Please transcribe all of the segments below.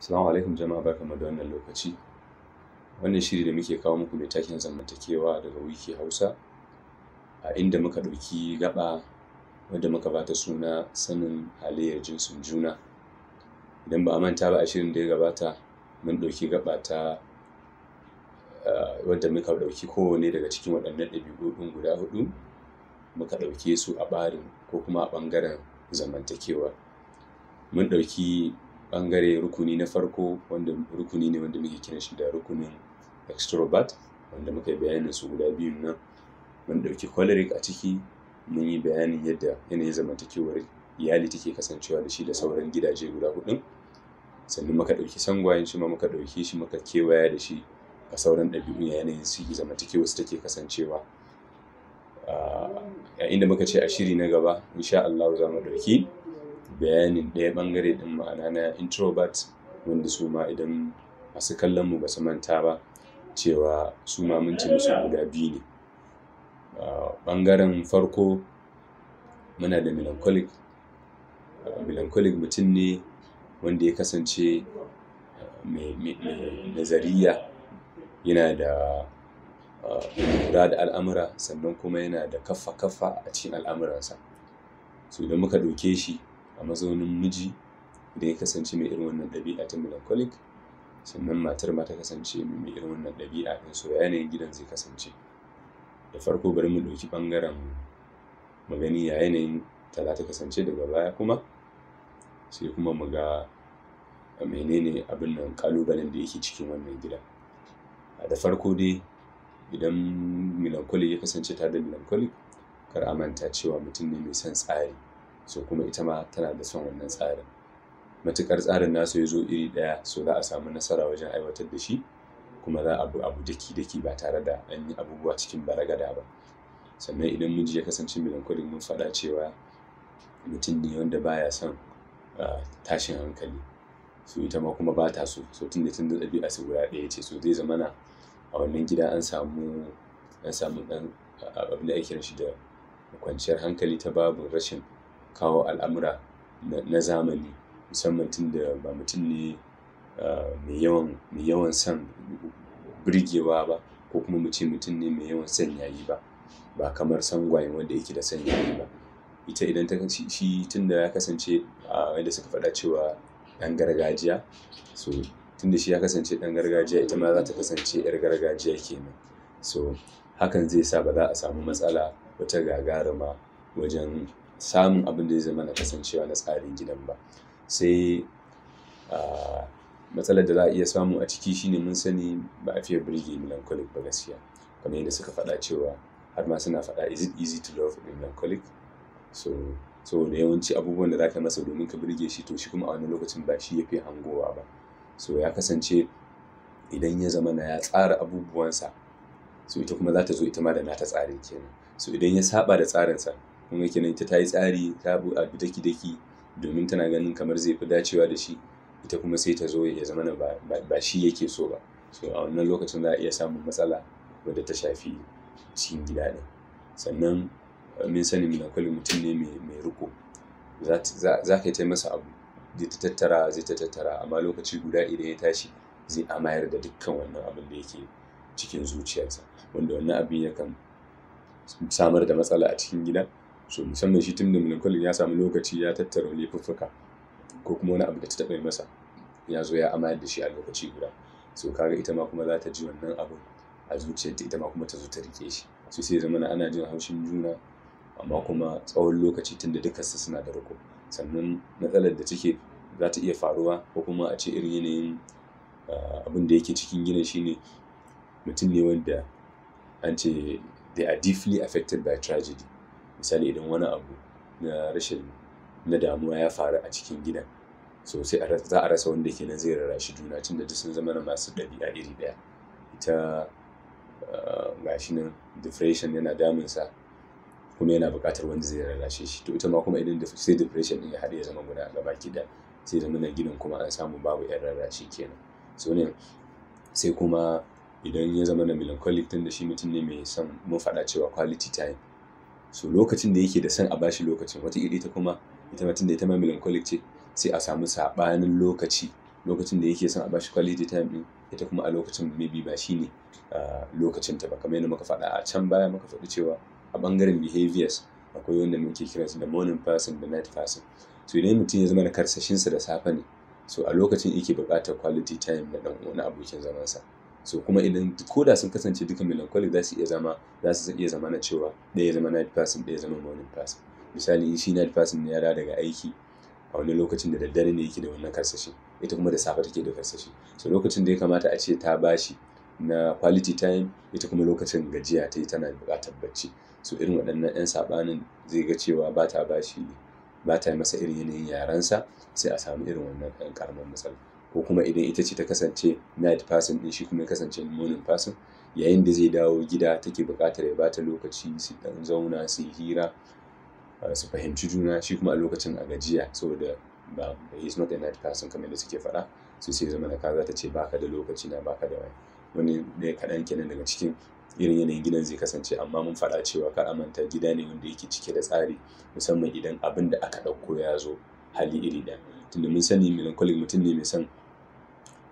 Salamu alaikum jama'a barkanmu da wannan lokaci. Wannan shiri da muke kawo muku mai taken zamantakewa daga Wiki Hausa a inda muka ɗauki gaba wadda muka bata suna sanin halayyar jinsin juna. Idan ba a manta ba a shirin da ya gabata mun ɗauki gaba ta wadda muka ɗauki kowane daga cikin waɗannan ɗabi'u guda huɗu muka ɗauke su a ɓarin ko kuma a ɓangaren zamantakewa. Mun ɗauki ɓangare rukuni na farko wanda rukuni ne wanda muke kiran shi da rukunin extrovert wanda muka yi bayanin su guda biyun nan mun ɗauki choleric a ciki mun yi bayanin yadda yanayin zamantakewar iyali take kasancewa da shi da sauran gidaje guda huɗun. sannan muka ɗauki sangwayen shi ma muka ɗauki shi muka kewaya da shi a sauran ɗabi'un yanayin su zamantakewar su take kasancewa ah, a inda muka ce a shiri na gaba insha Allah za mu ɗauki bayanin ɗaya ɓangare ɗin ma'ana na introvert wanda su ma idan masu kallon mu ba su manta ba cewa su ma mun ci musu guda biyu ne ɓangaren farko muna da melancholic melancholic mutum ne wanda ya kasance mai nazariya yana da lura da al'amura sannan kuma yana da kaffa-kaffa a cikin al'amuransa so idan muka ɗauke shi a mazaunin miji da ya kasance mai irin wannan ɗabi'a ta melancholic sannan matar ma ta kasance mai irin wannan ɗabi'a ɗin so yanayin gidan zai kasance da farko bari mu ɗauki ɓangaren magani ya yanayin tala ta kasance daga baya kuma sai kuma mu ga menene abin nan ƙalubalen da yake cikin wannan gida da farko dai idan melancholic ya kasance tare da melancholic kar a manta cewa mutum ne mai son tsari so kuma ita ma tana da son wannan tsarin matukar tsarin nasu ya zo iri ɗaya so za a samu nasara wajen aiwatar da shi kuma za a bi abu daki-daki ba tare da an yi abubuwa cikin baragada ba sannan idan miji ya kasance melancholy mun faɗa cewa mutum ne wanda baya son tashin hankali so ita ma kuma ba ta so so tun da tun da ɗabi'a su guda ɗaya ce so zai zamana a wannan gida an samu an samu ɗan abin da ake shi da kwanciyar hankali ta babu rashin kawo al'amura na zamani musamman da ba mutum ne ah, mai yawan son birgewa ba ko kuma mu ce mutum ne mai yawan son ba ba kamar sangwayen wanda yake da son yayi ba ita idan ta shi tunda ya kasance ah, yadda suka faɗa cewa ɗan gargajiya so da shi ya kasance ɗan gargajiya ita ma za ta kasance 'yar gargajiya kenan so hakan zai sa ba za a samu matsala wata gagaruma wajen samun abin da ya zama na kasancewa na tsarin gidan ba sai matsalar da za a iya samu a ciki shine mun sani ba a fiye birge melancholic ba gaskiya kamar yadda suka faɗa cewa har ma suna faɗa is it easy to love melancholic so da yawanci abubuwan da za ka masa domin ka birge shi to shi kuma a wani lokacin ba shi ya fi hangowa ba so ya kasance idan ya zama na ya tsara abubuwansa so ita kuma za ta zo ita ma da nata tsarin kenan so idan ya saɓa da tsarinsa kuma kenan ita ta yi tsari ta bu a daki daki domin tana ganin kamar zai fi dacewa da shi ita kuma sai ta zo ya zama ba shi yake so ba so a wannan lokacin za a iya samun matsala wadda ta shafi cikin gida ne sannan eh, min sani munakwali mutum ne mai riko za ka yi ta masa abu zai ta tattara zai ta tattara amma lokaci guda idan ya tashi zai amayar da dukkan wannan abin da yake cikin zuciyarsa wanda wannan abin yakan samar da matsala a cikin gida so musamman shi tun da melancholy ya samu lokaci ya tattara laifuffuka ko kuma wani abu da ta taɓa masa ya zo ya amayar da shi a lokaci guda so kaga ita ma kuma za ta ji wannan abu a zuciyarta ita ma kuma ta zo ta rike shi so sai zamana ana jin haushin juna amma kuma tsawon lokaci tun da su suna da riko sannan matsalar da take za ta iya faruwa ko kuma a ce irin yanayin ah, abin da yake cikin gina ne mutum ne wanda an ce they are deeply affected by tragedy misali idan wani abu na rashin na damuwa ya faru a cikin gidan so sai za a rasa wanda kenan zai rara shi juna tunda duk sun zama masu ɗabi'a iri ɗaya ita ah, gashi nan depression yana damunsa kuma yana buƙatar wanda zai rara shi to ita ma kuma idan sai depression ɗin ya haɗe ya zama guda a gaba da sai zama na gidan kuma an samu babu yan rarrashi kenan so ne sai kuma idan ya zama na melancholic din da shi mutum ne mai son mun faɗa cewa quality time so lokacin da yake da san a bashi lokacin wata iri ta kuma ita ma tunda ita ma melancholic ce sai a samu sabanin lokaci lokacin da yake son a bashi quality time din ita kuma a lokacin maybe ba shine lokacin ta ba kamar yadda muka faɗa a can baya muka faɗi cewa a bangaren behaviors akwai wanda muke kiransu da morning person da night person so idan mutum ya zama da karsashinsa da safe ne so a lokacin yake buƙatar quality time na dan wani abokin sa so kuma idan ko da sun kasance duka melancholic za su iya zama za su iya zama na cewa ɗaya zama night person ɗaya zama morning person misali in shi night person ya daga aiki a wani lokacin da daddare ne yake da wannan karsashi ita kuma da safe take da karsashi so lokacin da ya kamata a ce ta bashi na quality time ita kuma lokacin gajiya ta yi tana buƙatar bacci so irin waɗannan 'yan saɓanin zai ga cewa ba ta bashi ba ta masa irin yanayin yaransa sai a samu irin wannan ɗan ƙaramin matsala ko kuma idan ita ce ta kasance night person din shi kuma ya kasance morning person yayin da zai dawo gida take buƙatar ya bata lokaci su dan zauna su yi hira ah, su fahimci juna shi kuma a lokacin a gajiya saboda ba is not a night person kamar da suke faɗa su sai zama ka za ta ce baka da lokaci na baka da wani wani ɗaya kaɗan kenan daga cikin irin yanayin gidan zai kasance amma mun faɗa cewa kar manta gida ne wanda yake cike da tsari musamman idan abin da aka ɗauko ya zo hali iri ɗaya tunda mun sani melancholic mutum ne mai san.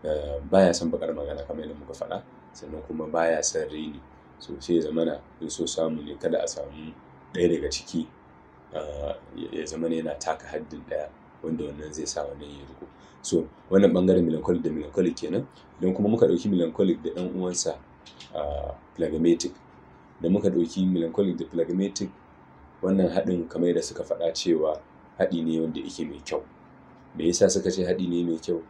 Eh, baya son bakar magana kamar yadda muka faɗa sannan kuma baya son reni so sai ya zamana in so samu ne kada a samu ɗaya daga ciki eh, ya zamana yana taka haddin ɗaya wanda wannan zai sa wannan ya riko so wannan bangaren melancholic da melancholic kenan idan kuma muka ɗauki melancholic da ɗan uwansa eh, phlegmatic da muka ɗauki melancholic da phlegmatic wannan haɗin kamar da suka faɗa cewa haɗi ne wanda yake mai kyau me yasa suka ce haɗi ne mai kyau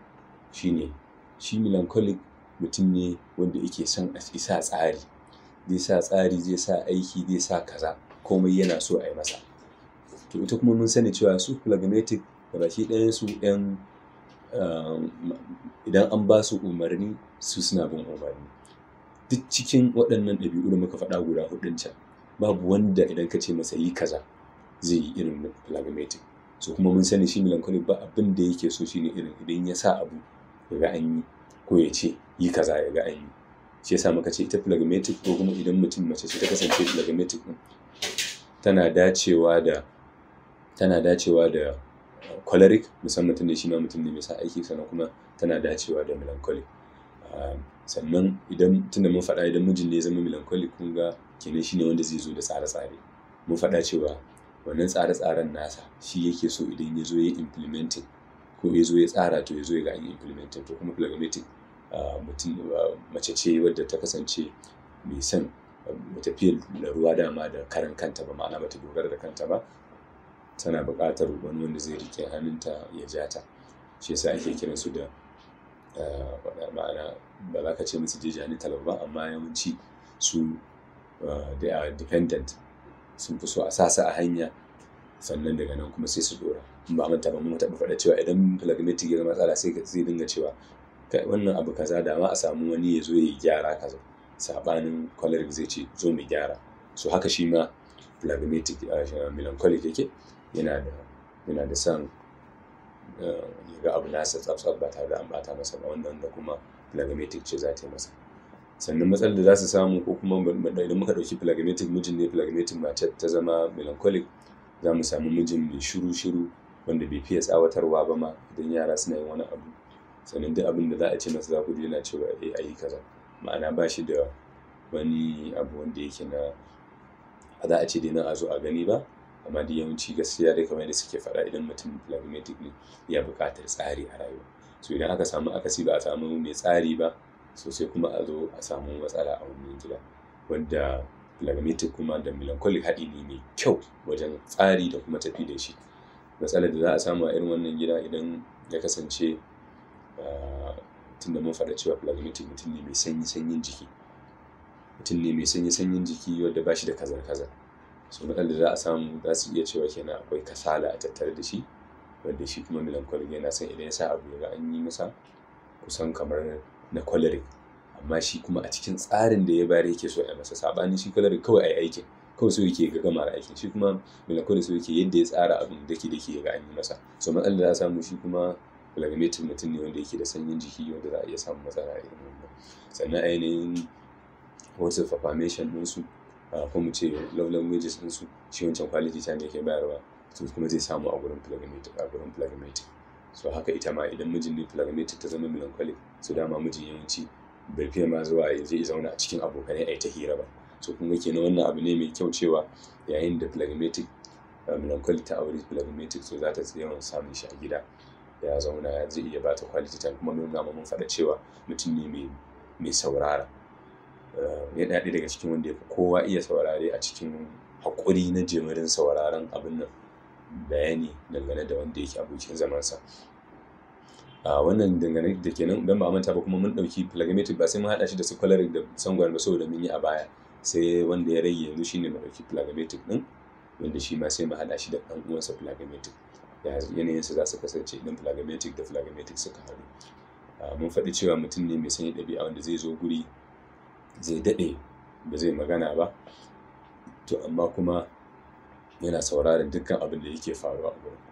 shine shi melancholic mutum ne wanda yake son a sa tsari zai sa tsari zai sa aiki zai sa kaza komai yana so ayi masa to ita kuma mun sani cewa su phlegmatic da baki ɗayan su ɗan um, idan an basu umarni su suna bin umarni duk cikin waɗannan ɗabi'u da muka faɗa guda huɗun can babu wanda idan ka ce masa yi kaza zai yi irin phlegmatic so kuma mun sani shi melancholic ba abin da yake so shine irin idan ya sa abu ya ga anyi ko ya ce yi kaza ya ga anyi shi muka ce ita phlegmatic ko kuma idan mutum mace ce ta kasance phlegmatic din tana dacewa da tana dacewa da choleric musamman tunda shi ma mutum ne mai sa aiki sannan kuma tana dacewa da melancholic sannan idan tunda mun faɗa idan mijin ne ya zama melancholic kun ga kenan shine wanda zai zo da tsare-tsare mun faɗa cewa wannan tsare-tsaren nasa shi yake so idan ya zo ya implementing ko ya zo ya tsara to ya zo ya ga an implemented to kuma phlegmatic ah, mutum ah, mace ce wadda ta kasance mai son um, tafiyar da ruwa dama da karan kanta ba ma'ana bata dogara da kanta ba tana buƙatar wani wanda zai rike hannunta ya ja ta shi yasa ake kiran su da ah, ma'ana ba za ka ce musu janital ba amma yawanci su da dependent sun fi so a sasa a hanya sannan daga nan kuma sai su ɗora. in ba manta ba mun taɓa faɗa cewa idan plagmatic ya ga matsala sai zai dinga cewa wannan abu kaza da ma a samu wani ya zo ya gyara kaza sabanin choleric zai ce zo mu gyara so haka shi ma plagmatic eh, melancholic yake yana da yana da san eh, ya ga abu nasa tsaf ba tare da an bata masa ba wannan da kuma plagmatic ce za ta yi masa sannan matsalar da za su samu ko kuma idan muka ɗauki plagmatic mijin ne plagmatic mace ta zama melancholic za mu samu mijin mai shiru-shiru wanda bai fiye tsawatarwa ba ma idan yara suna yin wani abu sannan duk abin da za a ce masa za ku je yana cewa eh ayi kaza ma'ana ba shi da wani abu wanda yake na ba za a ce dai na a zo a gani ba amma da yawanci gaskiya dai kamar da suke faɗa idan mutum phlegmatic ne ya buƙatar tsari a rayuwa so idan aka samu akasi ba a samu mai tsari ba sosai kuma a zo a samu matsala a wannan gida wanda phlegmatic kuma da melancholic haɗi ne mai kyau wajen tsari da kuma tafi da shi matsalar da za a samu a irin wannan gida idan ya kasance ah, tunda mun faɗa cewa phlegmatic mutum ne mai sanyi sanyin jiki mutum ne mai sanyi sanyin jiki wadda ba shi da kazar kazar so matsalar da za a samu za su iya cewa kenan akwai kasala a tattare da shi wadda shi kuma melancholic yana son idan ya sa abu ya ga an yi masa kusan kamar na choleric amma shi kuma a cikin tsarin da ya bayar yake so a masa sabanin shi choleric kawai a yi aikin kawai so yake ga gama aikin shi kuma melancholy su yake yadda ya tsara abin da ke da ke ga an yi masa so matsalar da samu shi kuma phlegmatic mutum ne wanda yake da sanyin jiki wanda za a iya samun matsala a irin wannan sannan ainihin wasu affirmation su, ah, ko mu ce love languages su shi wancan quality time yake bayarwa su kuma zai samu a gurin phlegmatic a gurin so haka ita ma idan mijin ne phlegmatic ta zama melancholic su dama mijin yawanci bai fiye ma zuwa ya je zauna a cikin abokanai a yi ta hira ba so kuma kenan wannan abu ne mai kyau cewa yayin da phlegmatic uh, melancholy ta aure phlegmatic so za ta yawan samun shi a gida ya zauna ya zai iya bata quality time kuma nuna ma mun faɗa cewa mutum ne mai saurara uh, ya daɗe daga cikin wanda yafi kowa iya saurare a cikin haƙuri na jimirin sauraron abin nan bayani dangane da wanda yake abokin zamansa a wannan dangane da kenan don ba manta ba kuma mun ɗauki phlegmatic ba sai mun haɗa shi da su da sangwar ba saboda mun yi a baya sai wanda ya rage yanzu shine mu ɗauki plagmatic ɗin wanda shi ma sai mu haɗa shi da ɗan uwansa plagmatic yanayinsa za su kasance idan plagmatic da plagmatic suka haɗu ah, mun faɗi cewa mutum ne mai sanyi ɗabi'a wanda zai zo guri zai daɗe ba zai magana ba to amma kuma yana sauraron dukkan abin da yake faruwa a gurin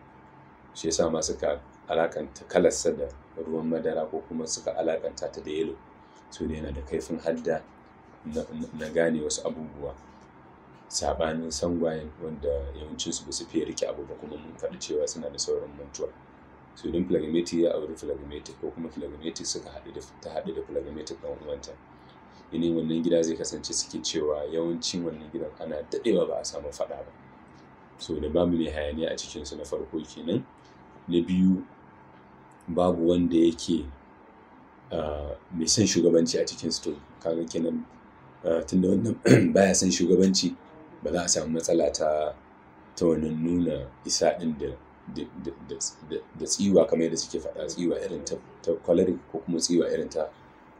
shi yasa ma suka alakanta kalarsa da ruwan madara ko kuma suka alakanta ta da yelo so yana da kaifin hadda na gane wasu abubuwa sabanin sangwayen wanda yawancinsu ba su fiye rike abu ba kuma mun faɗi cewa suna da sauran mantuwa su idan phlegmatic ya auri phlegmatic ko kuma phlegmatic suka haɗu da ta haɗu da phlegmatic na uwanta yanayin wannan gida zai kasance suke cewa yawancin wannan gidan ana daɗewa ba a samu faɗa ba so da mu ne hayaniya a cikinsu na farko kenan na biyu babu wanda yake ah, mai son shugabanci a cikinsu to kaga kenan Eh, tunda wannan baya san shugabanci ba za a samu matsala ta ta wannan nuna isa ɗin da da tsiwa kamar yadda suke faɗa tsiwa irin ta kwalari ko kuma tsiwa irin ta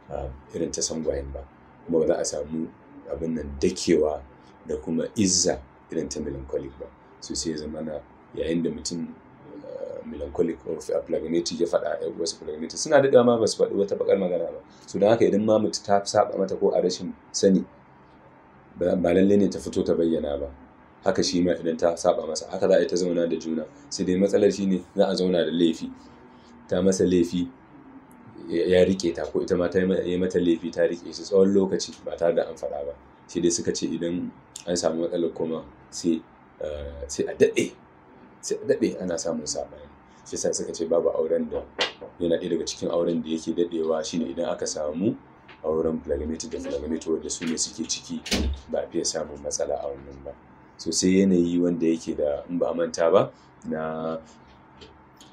ah, irin ta sangwayen ba kuma ba za a samu abin nan dakewa da kuma izza irin ta melancholic ba Sosai sai ya zama na yayin da mutum melancholic of plagianity ya faɗa wasu plagianity suna da dama ba su faɗi wata bakar magana ba so don haka idan ma mutu ta saba mata ko a rashin sani ba lalle ne ta fito ta bayyana ba haka shi ma idan ta saba masa haka za a yi ta zauna da juna sai dai matsalar shi ne za a zauna da laifi ta masa laifi ya rike ta ko ita ma ta yi mata laifi ta rike shi tsawon lokaci ba tare da an faɗa ba shi dai suka ce idan an samu matsalar kuma sai eh, a daɗe sai daɗe ana samun saɓani shi sa suka ce babu auren da yana ɗaya daga cikin auren da yake daɗewa shine idan aka samu auren plagmatic da plagmatic wanda su ne suke ciki ba a fiye samun matsala a wannan ba so sai yanayi wanda yake da in ba manta ba na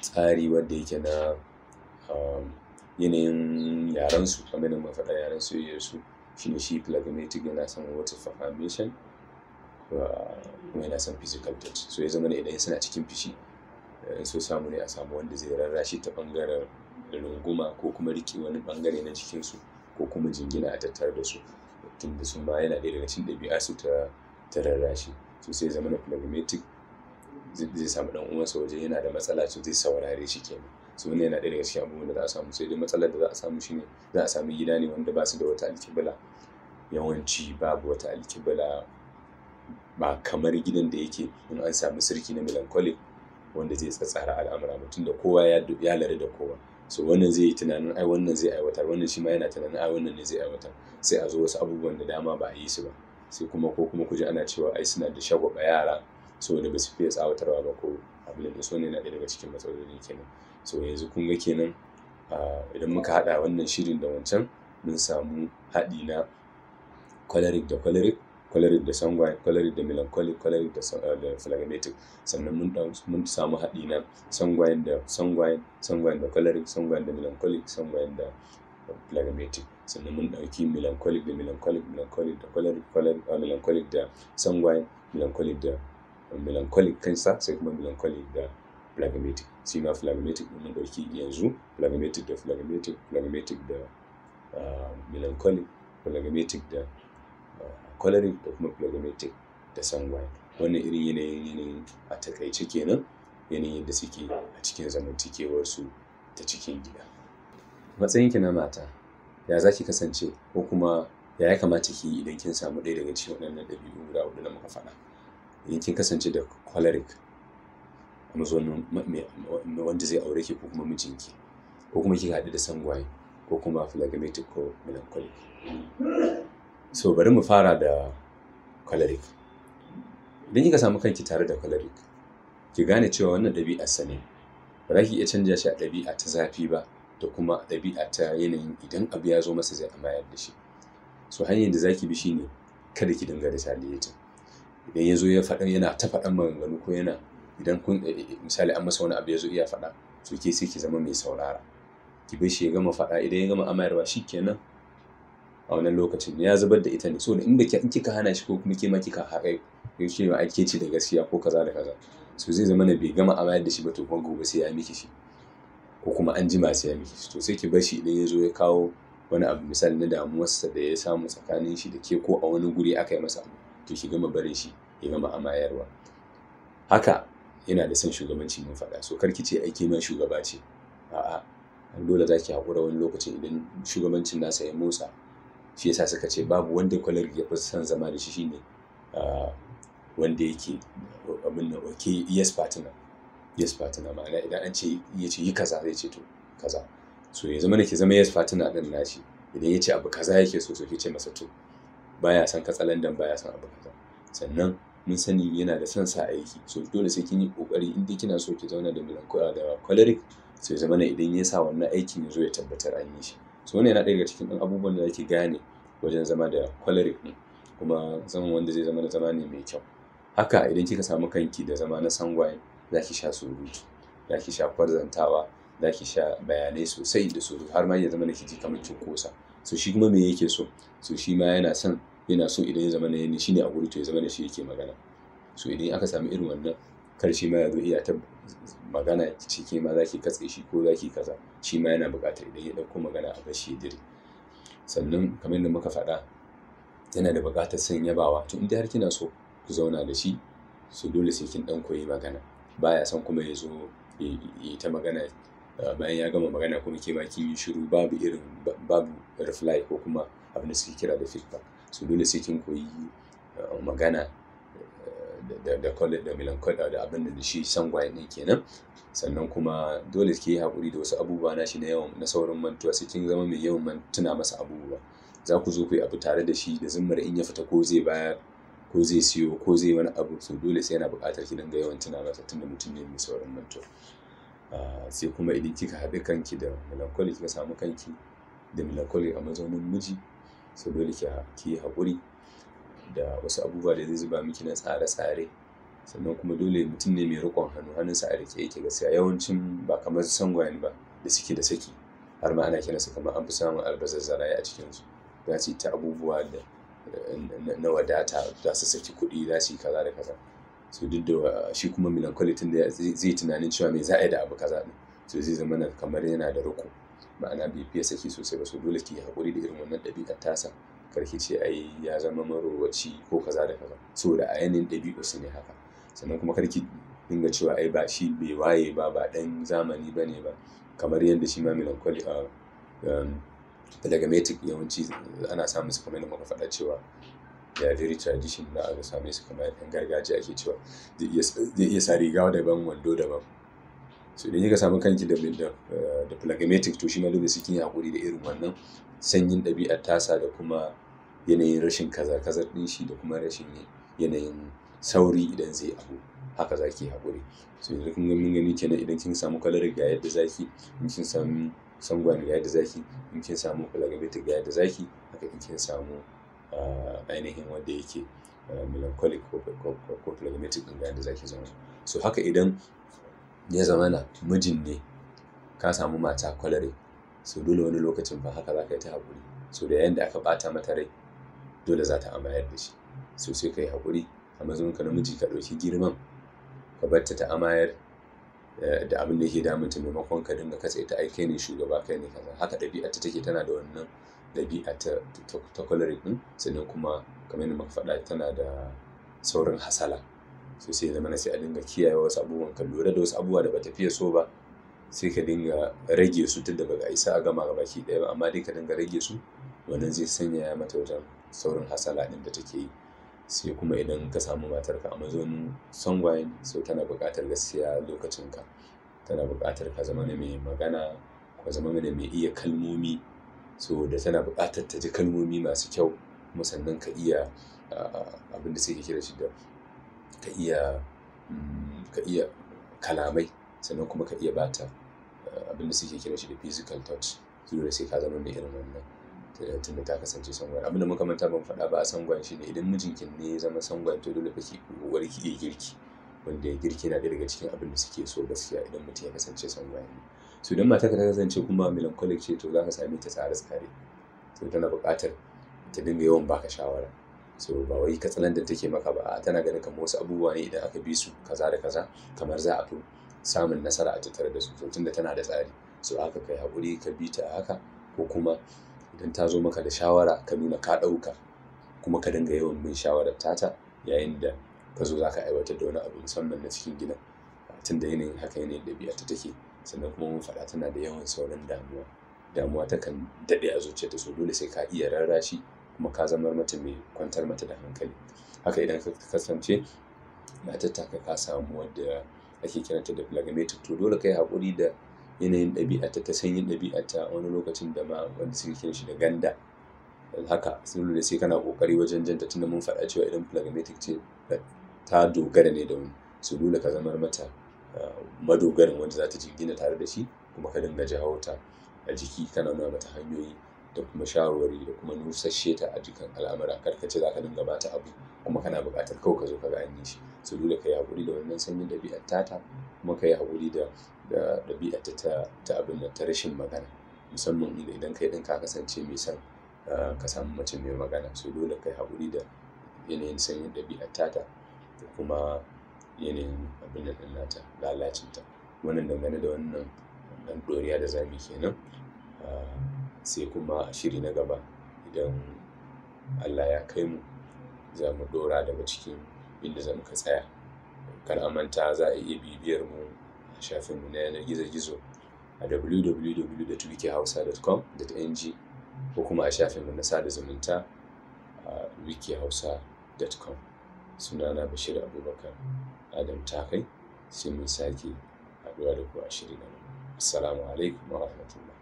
tsari wanda yake na um, yanayin yaransu kamar yadda mafaɗa yaran soyayyarsu shine shi plagmatic yana samun wata formation kuma yana son physical touch so ya zama idan suna cikin fishi in eh, so samu ne a samu wanda zai rarrashi ta bangaren runguma ko kuma riki wani bangare na jikinsu ko kuma jingina a tattar da su tun da sun ma yana ɗaya daga cikin ɗabi'a su ta ta rarrashi so sai zama na phlegmatic zai samu dan uwansa waje yana da matsala so zai saurare shi kenan so wannan yana ɗaya daga cikin abubuwan da za a samu sai dai matsalar da za a samu shine za a samu gida ne wanda ba su da wata alkibla yawanci babu wata alkibla ba kamar gidan da yake in an sami sirki na melancholic wanda zai tsatsara al'amura mutum da kowa ya lare da kowa so wannan zai yi tunanin ai wannan zai aiwatar wannan shi ma yana tunanin ai wannan ne zai aiwatar sai a zo wasu abubuwan da dama ba a yi su ba sai kuma ko kuma kuje ana cewa ai suna da shagwaba yara saboda ba su fiye tsawatarwa ba ko abin da so ne na daga cikin matsaloli kenan so yanzu kun ga kenan idan muka haɗa wannan shirin da wancan mun samu haɗi na choleric da choleric choleric da sanguine choleric da melancholic choleric da phlegmatic sannan mun mun samu haɗi na sanguine da sanguine sanguine da choleric sanguine da melancholic sanguine da phlegmatic sannan mun ɗauki melancholic da melancholic melancholic da choleric choleric ah, melancholic da sanguine melancholic da melancholic cancer sai kuma melancholic da phlegmatic shi ma phlegmatic mun ɗauki yanzu phlegmatic da phlegmatic phlegmatic da ah, melancholic phlegmatic da ah, coloring da kuma phlegmatic da sanguine wannan irin yanayin yanayin a takaice kenan yanayin da suke a cikin zamantakewarsu ta cikin gida matsayinki na mata ya za ki kasance ko kuma ya ya kamata ki idan kin samu ɗaya daga cikin waɗannan ɗabi'u guda huɗu da muka faɗa Idan kin kasance da choleric a mazonin wanda zai aure ki ko kuma mijinki ko kuma ki haɗu da sanguine ko kuma phlegmatic ko melancholic so bari mu fara da choleric idan kika samu kanki tare da choleric ki gane cewa wannan ɗabi'a sane ba za ki iya canja shi a ɗabi'a ta zafi ba da kuma ɗabi'a ta yanayin idan abu ya zo masa zai amma da shi so hanyar da za ki bi ne, kada ki dinga da retaliating idan ya zo ya faɗa yana ta faɗan maganganu ko yana idan kun eh, eh, misali an masa wani abu ya zo iya faɗa to ke sai ki zama mai saurara ki bar shi ya gama faɗa idan ya gama amayarwa kenan. a wannan lokacin ya zubar da ita ne so in baki in kika hana shi ko kuma kima kika haƙai ya ce ma ake ci da gaskiya ko kaza da kaza so zai zama na bai gama amayar da shi ba to kuma gobe sai ya miki shi ko kuma an jima sai ya miki shi to sai ki bar shi idan ya zo ya kawo wani abu misali na damuwarsa da ya samu tsakanin shi da ke ko a wani guri aka yi masa abu to ki gama barin shi ya gama amayarwa haka yana da son shugabanci mun faɗa so kar ki ce aiki ma shugaba ce a'a dole za ki haƙura wani lokacin idan shugabancin nasa ya motsa shi yasa suka ce babu wanda kwalar ya fi son zama da shi shine ah, wanda yake abin da ok yes partner yes partner ma'ana idan an ce ya ce yi kaza zai ce to kaza so ya zama da ke zama yes partner din nashi idan ya ce abu kaza yake so so ke ce masa to baya son katsalandan baya san abu kaza sannan mun sani yana da son sa aiki so dole sai kin yi kokari inda kina so ki zauna da melancholia da choleric sai zama na idan ya sa wannan aikin ya zo ya tabbatar an yi shi so wannan yana ɗaya daga cikin abubuwan da zaki gane wajen zama da choleric ne kuma zama wanda zai zama da zama ne mai kyau haka idan kika samu kanki da zama na sangwaye za ki sha surutu za ki sha kwarzantawa za ki sha bayanai sosai da surutu har ma ya zama na kiji kamar kin kosa so shi kuma me yake so so shi ma yana son yana so idan ya zama na yanni shine a to ya zama da shi yake magana so idan aka samu irin wannan karshe ma ya zo iya tabbata magana ciki ma za ki katse shi ko za ki kaza shi ma yana buƙatar idan ya ɗauko magana a shi ya dire sannan kamar da muka faɗa yana da buƙatar son yabawa to in har kina so ku zauna da shi su dole sai kin ɗan koyi magana baya son kuma ya zo ya ta magana eh, bayan ya gama magana kuma ke ma kin yi shiru babu irin babu reply ko kuma abin da suke kira da feedback so dole sai kin koyi eh, magana da da da melancholy da abin da shi sangwayen ne kenan sannan kuma dole ke yi hakuri da wasu abubuwa na shi na yawan na saurin mantuwa sai kin zama mai yawan tuna masa abubuwa za ku zo ku yi abu tare da shi da zimmar in ya fita ko zai baya ko zai siyo ko zai wani abu so dole sai yana buƙatar ki dinga yawan tuna masa tunda mutum ne mai saurin mantuwa ah, sai kuma idan kika haɗe kanki da melancholy kika samu kanki da melancholy a mazaunin miji sai dole ki hakuri. haƙuri da wasu abubuwa da zai zuba miki na tsare-tsare sannan kuma dole mutum ne mai rikon hannu hannunsa a rike yake gaskiya yawancin ba kamar sangwani ba da suke da saki har ma ana su kamar an fi samun albazazzara a cikinsu za su yi ta abubuwa da na wadata za su saki kuɗi za su yi kaza da kaza so duk da shi kuma melancholy tun da zai tunanin cewa me za a yi da abu kaza ɗin so zai zama na kamar yana da riko ma'ana bai fiye saki sosai ba so dole ki haƙuri da irin wannan ɗabi'ar tasa karki ce ai ya zama marowaci ko kaza da kaza saboda a yanayin ɗabi'u su ne haka sannan kuma karki dinga cewa ai ba shi bai waye ba ba ɗan zamani ba ne ba kamar yadda shi ma a ah, um, phlegmatic yawanci ana samun su kamar yadda muka faɗa cewa ya very tradition a aka same su kamar ɗan gargajiya ake cewa zai iya sa riga daban wando daban so idan kika samu kanki da da phlegmatic to shi ma dole sai kin hakuri da irin wannan sanyin ta tasa da kuma yanayin rashin kaza kaza din shi da kuma rashin yanayin sauri idan zai abu haka zaki hakuri so idan kun ga mun gani kenan idan kin samu choleric ga yadda zaki in kin samu sangwan ga yadda zaki in kin samu phlegmatic ga yadda zaki haka in kin samu ah, ainihin wanda yake ah, melancholic ko phlegmatic ga yadda zaki zama so haka idan ya zama mijin ne ka samu mata kwalare so dole wani lokacin ba haka za ka yi ta haƙuri so da yanda aka bata mata rai dole za ta amayar da shi so sai ka yi haƙuri a matsayin ka namiji ka ɗauki girman ka bar ta amayar eh, da abin da yake damun ta maimakon ka dinga katse ta ai kai ne shugaba kai ne kaza haka ɗabi'ata ta take tana da wannan ɗabi'a ta ta ɗin sannan kuma kamar yadda muka faɗa tana da saurin hasala so sai zama na sai a dinga kiyaye wasu abubuwan ka lura da wasu abubuwa da bata fiye so ba sai ka dinga rage su tun da baka isa a gama ga baki ɗaya ba amma dai ka dinga rage su wannan zai sanya ya mata wajen saurin hasala ɗin da take yi sai kuma idan ka samu matarka a mazaunin sangwayen so tana buƙatar gaskiya lokacin ka. tana buƙatar ka zama mai magana ko zama mai iya kalmomi so da tana buƙatar ta ji kalmomi masu kyau kuma sannan ka iya ah, abin da sai ke kira shi da ka iya mm, ka iya kalamai sannan kuma ka iya bata eh, abin da suke kira shi da physical touch dole sai ka zama mai irin wannan da ta kasance sangwai abin da muka manta ban faɗa ba a sangwai shi ne idan mijinkin ne ya zama sangwai to dole fake uwar ki iya girki wanda ya girki na daga cikin abin da suke so gaskiya idan mutum ya kasance sangwai ne so idan mata ka ta kasance kuma melancholic ce to za ka same ta tsare tsare to tana buƙatar ta dinga yawan baka shawara so ba wai katsalandan take maka ba tana ganin kamar wasu abubuwa ne idan aka bi su kaza da kaza kamar za a fi samun nasara a tattare da su tunda tana da tsari so aka kai hakuri ka bi ta haka ko kuma idan ta zo maka da shawara ka nuna ka ɗauka kuma ka dinga yawan bin shawarar tata yayin da ka zo za ka aiwatar da wani abu musamman na cikin gidan tunda yanayin haka yanayin ɗabi'a ta take sannan kuma mun faɗa tana da yawan sauran damuwa damuwa ta kan daɗe a zuciyarta so dole sai ka iya rarrashi kuma ka zamar mata mai kwantar mata da hankali haka idan ka kasance matattaka ka samu wadda ake kiranta da phlegmatic to dole kai haƙuri da yanayin ɗabi'ata ta sanyin ɗabi'ata wani lokacin da ma wanda suke kiran shi da ganda haka sun da sai kana ƙoƙari wajen janta tunda mun faɗa cewa idan phlegmatic ce ta dogara ne da wani su dole ka zama mata ah, madogarin wanda za ta gina tare da shi kuma ka dinga jawo ta a jiki kana nuna mata hanyoyi da kuma shawarwari da kuma nusashe ta a jikin al'amura kar ka ce za ka dinga bata abu kuma kana buƙatar kawai ka zo ka gane shi Su dole ka yi haƙuri da wannan sanyin ɗabi'ar tata kuma ka yi haƙuri da ɗabi'ar ta ta abin da ta rashin magana musamman idan kai ɗin ka kasance mai son ah, ka samu mace mai magana Su dole ka yi haƙuri da yanayin sanyin ɗabi'ar tata da kuma yanayin abin da nata lalacinta wannan dangane da wannan ɗan ɗoriya da zamu kenan ah, sai kuma a shiri na gaba idan Allah ya kai mu za mu ɗora daga cikin inda za mu ka tsaya kar a manta za a iya bibiyar mu a shafin mu na yanar gizo-gizo a www.wikihausa.com.ng ko kuma a shafin mu na sada zumunta a wikihausa.com Suna na bashir abubakar adam takai sai mun sake haɗuwa da ku a shiri na assalamu alaikum wa rahmatullah